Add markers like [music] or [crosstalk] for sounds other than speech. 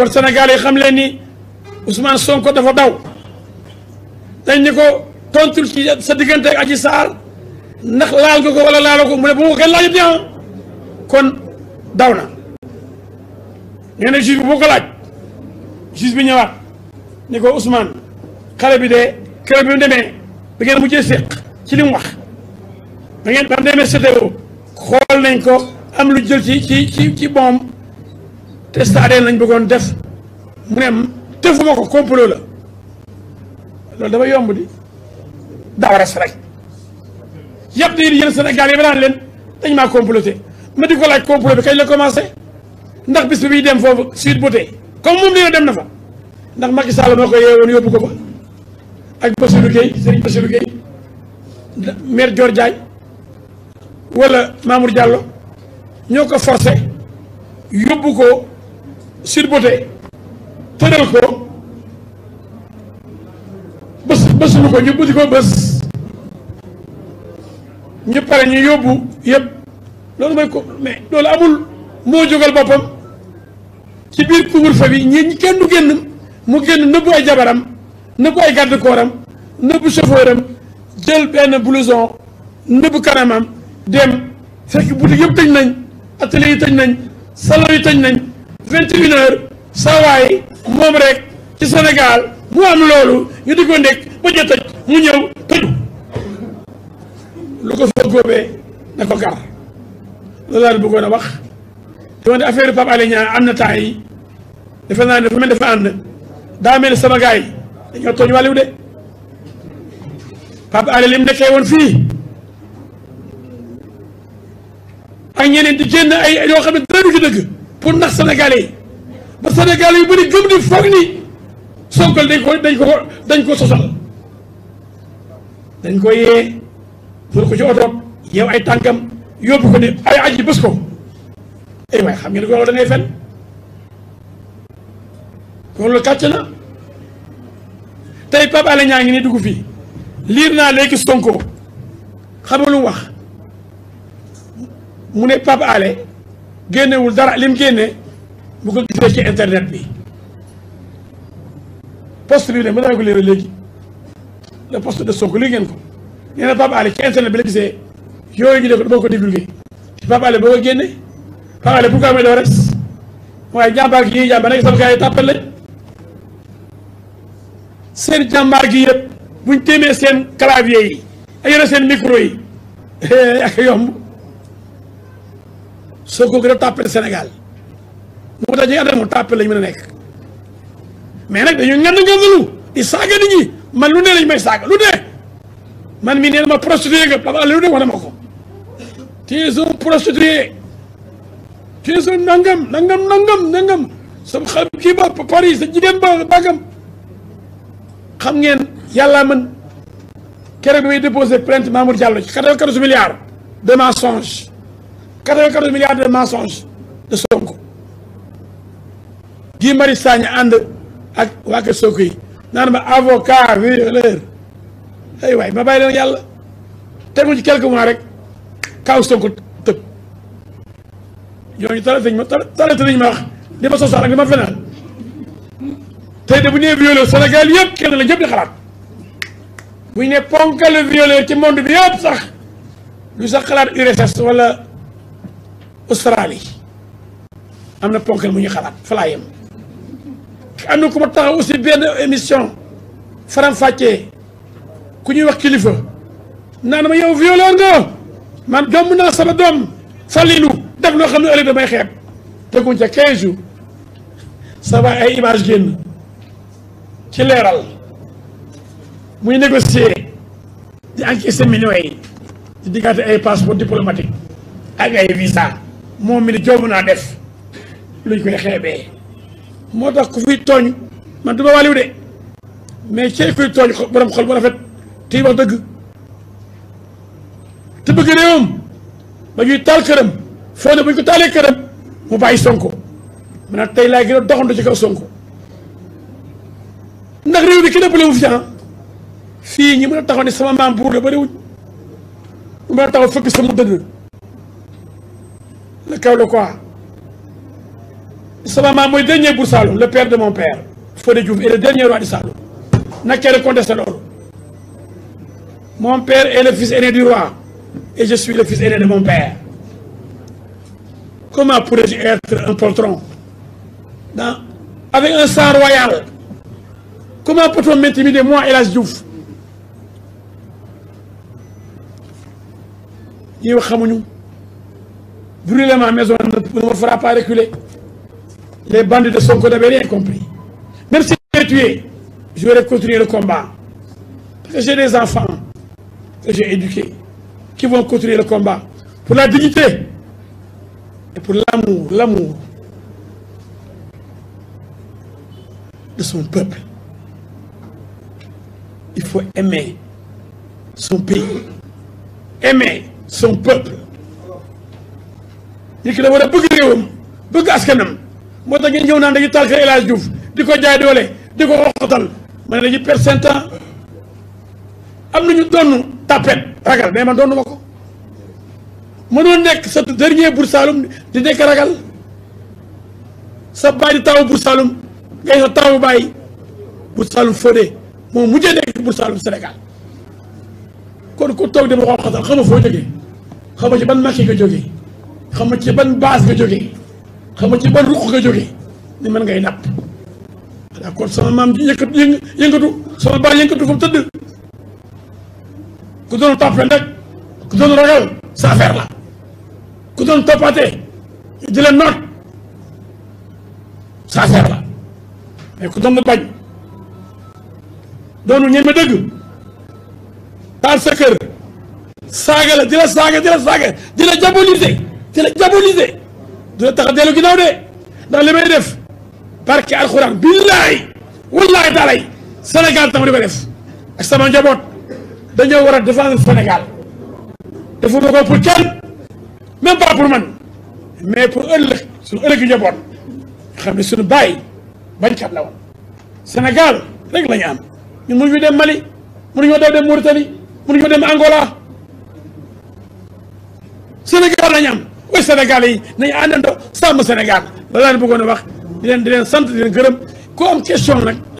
kon Sénégal yi xam leen ni Ousmane Sonko dafa daw dañ ni ko tontul ci sa diggante ak ci Sarr ndax laal nga ko wala laala ko mu ne bu ma ko kenn ah. kon daw na nee bi boo ko laaj bi ñëwaat ni ko Ousmane xale bi de kër bi mu demee da ngeen mujjee séq ci li mu wax da ngeen ba mu demee CEDEAO xool nañ ko am lu jël ci ci ci ci bomb te stade lañ bëggoon def mu ne defuma ko complot la loolu dafa yomb di daaw res rek yëpp di yéen Sénégal yi ba naan leen dañ maa comploté ma di ko laaj complot bi kañ la commencé ndax bis bi dem foofu suite bu comme moom nee na dem na fa ndax Macky Sall moo ko yeewoon yóbbu ko fa ak Bassirou Gueye Serigne Bassirou Gueye maire Dior Diagne wala Mamour ñoo ko forcé yóbbu ko surboté tëral ko bés bésuñu ko ñu buddi ko bés ñu pare ñu yóbbu yëpp loolu mooy ko mais loolu amul moo jógal boppam ci biir couvre-feu bi ñi kenn du génn mu génn nëbbu ay jabaram nëbbu ay garde corps-am nëbbu chauffeur am jël benn blouson nëbbu kanamam dem fekk boutique yëpp tëj nañ atelier yi tëj nañ salon yi tëj nañ vingt et une moom rek ci Sénégal mu am loolu ñu di ko nekk ba jot mu ñëw tëju lu ko fa góobee na ko gar loolu laa bëggoon a wax di wax ne affaire Pape am na temps yi defe naa ne dafa mel dafa ànd daa mel sama gars yi dañoo tooñ wàllu de Pape lim nekkee woon fii ak ñeneen di génn ay yoo xam ne dara ci dëgg pour ndax sénégalais yi ba sénégalais yu bëri gëm di foog ni Sonko dañ ko dañ ko dañ ko sosal dañ ko yee pour ko ci oto yow ay tànkam yóbbu ko ne ay aji bés ko ay eh waay xam ngeen ko loolu da ngay fen kon loolu kàcc na tey Pape ñaa ngi ni dugg fii liir naa léegi Sonko xam nga lu mu wax mu ne Pape Alé génnewul dara lim génne bu ko gisee ci internet bi poste bi de mën naa ko léeral léegi le poste de Sonko li ngeen ko nee na Pape Alé internet bi la gisee yooyu ñu ne ko dama ko divulgué ci Pape Alé boo ko génne Pape Alé pourquoi amee doo res waaye jàmbaar gi yi jàmbaar nekk sama gars yi tàppal seen jàmbaar gi yëpp buñ téemee seen clavier yi ak yore seen micro yi [laughs] Sonko gën a tàppale Sénégal moo tax ñi nga xam ne tàppale lañ mën a nekk mais nag dañu ngand ngandalu di saaga nit man lu ne lañ may saaga lu ne man mi nee na ma prostitué nga papa lu ne wax na ma ko tu es un prostitué nangam nangam nangam nangam sam xam kii ba Paris sa jigéen ba bagam xam ngeen yàllaa man keroog bi may déposé plainte Mamour Diallo ci 94 milliards de mensonges 94 milliards de mensonges de Sonko Guy Marius Sagna ànd ak waa kër Sonko yi naan ma avocat violeur ay waay ma bàyyi leen yàlla tegu ci quelques mois rek kaw Sonko tëb ñooñu talatuñ ma talatuñ ma wax li ma sosal ak li ma fenal tey de bu ñu nee violeur Sénégal yëpp kenn la ñëpp di xalaat bu ñu nee ponkal violeur ci monde bi yëpp sax lu sax xalaat URSS wala Australie am na ponkal mu ñu xalaat fa laa am na ku ma taxaw aussi benn émission faram fàccee ku ñuy wax kilifa naan ma yow violeur nga man doom naa sama doom falilu def loo xam ne ëllëg damay xeeb teguñ ca 15 jours ça va ay image génn ci leeral muy négocier di encaisser millions yi di diggaate ay passeport diplomatique ak ay visa moom mi ne joobu naa def luñ koy xeebee moo tax ku fi tooñ man du ma wàlliw de mais cey kuy tooñ borom xol bu rafet tey dëgg te bëgg réewam ba ñuy taal këram foo ne bu ñu ko taalee këram mu bàyyi sonko man tey laa gën a doxantu ci kaw sonko ndax réew bi kenn ëppale wu fi ah fii ñi mën a taxaw ne sama maam buur la bëriwuñ ñu mën a taxaw fëkk sama dëgg le Kaolackois sama maam mooy dernier Buur le père de mon père Fodé Diouf est le dernier roi du Saloum nag kenn contesté loolu mon père est le fils aîné du roi et je suis le fils aîné de mon père comment pourrais-je être un poltron dans avec un sang royal comment peut-on moi El Hadj Diouf ñi brûler ma maison ne me fera pas reculer. Les bandes de Sonko n'avaient rien compris. Même si tué, je continuer le combat. Parce que j'ai des enfants que j'ai éduqués qui vont continuer le combat pour la dignité et pour l'amour de son peuple. Il faut aimer son pays, aimer son peuple. Yékini war a bëgg réewam bëgg askanam moo tax ngeen ñëw naan dañuy taal kër El Hadj di ko jaay doole di ko xoxotal ma ne dañuy perte seen temps am nañu doon tapet ragal mais man doonu ma ko mënoon nekk sa dernier Buur Saalum di nekk ragal sa baay di taawu Buur Saalum ngay sa taawu baay Buur Saalum Fodé moom mujjee nekk Buur Sénégal kon ku toog dama xoxotal xama foo jógee xama ci ban makki nga jógee xam nga ci ban base nga jógee xam nga ci ban ruq nga jógee ni mën ngay napp xanaa kon sama maam ji yëkkatu yëngatu sama baay yëngatu fa mu tëdd ku doon tàppe nag ku doon ragal sa la ku doon toppaatee di leen noot sa la mais ku doon bañ doonul ñeme dëgg taal sa kër la di la saaga di la saaga di la diaboliser du la tax a dellu ginnaaw de ndax li may def barke alxuraan billaay wallaay taalay Sénégal tam di def ak sama njaboot dañoo war a défendre Sénégal defuma ko pour kenn même pas pour man mais pour ëllëg suñu ëllëg njaboot xam ne suñu bàyyi bañkat la woon Sénégal rek la ñu am ñun mënuñu dem Mali mënuñoo daw dem Mauritanie mënuñoo dem Angola Sénégal la mooy Sénégal yi nañu àndandoo sàmm Sénégal la laan bëggoon a wax di leen di leen sant di leen gërëm ku am question nag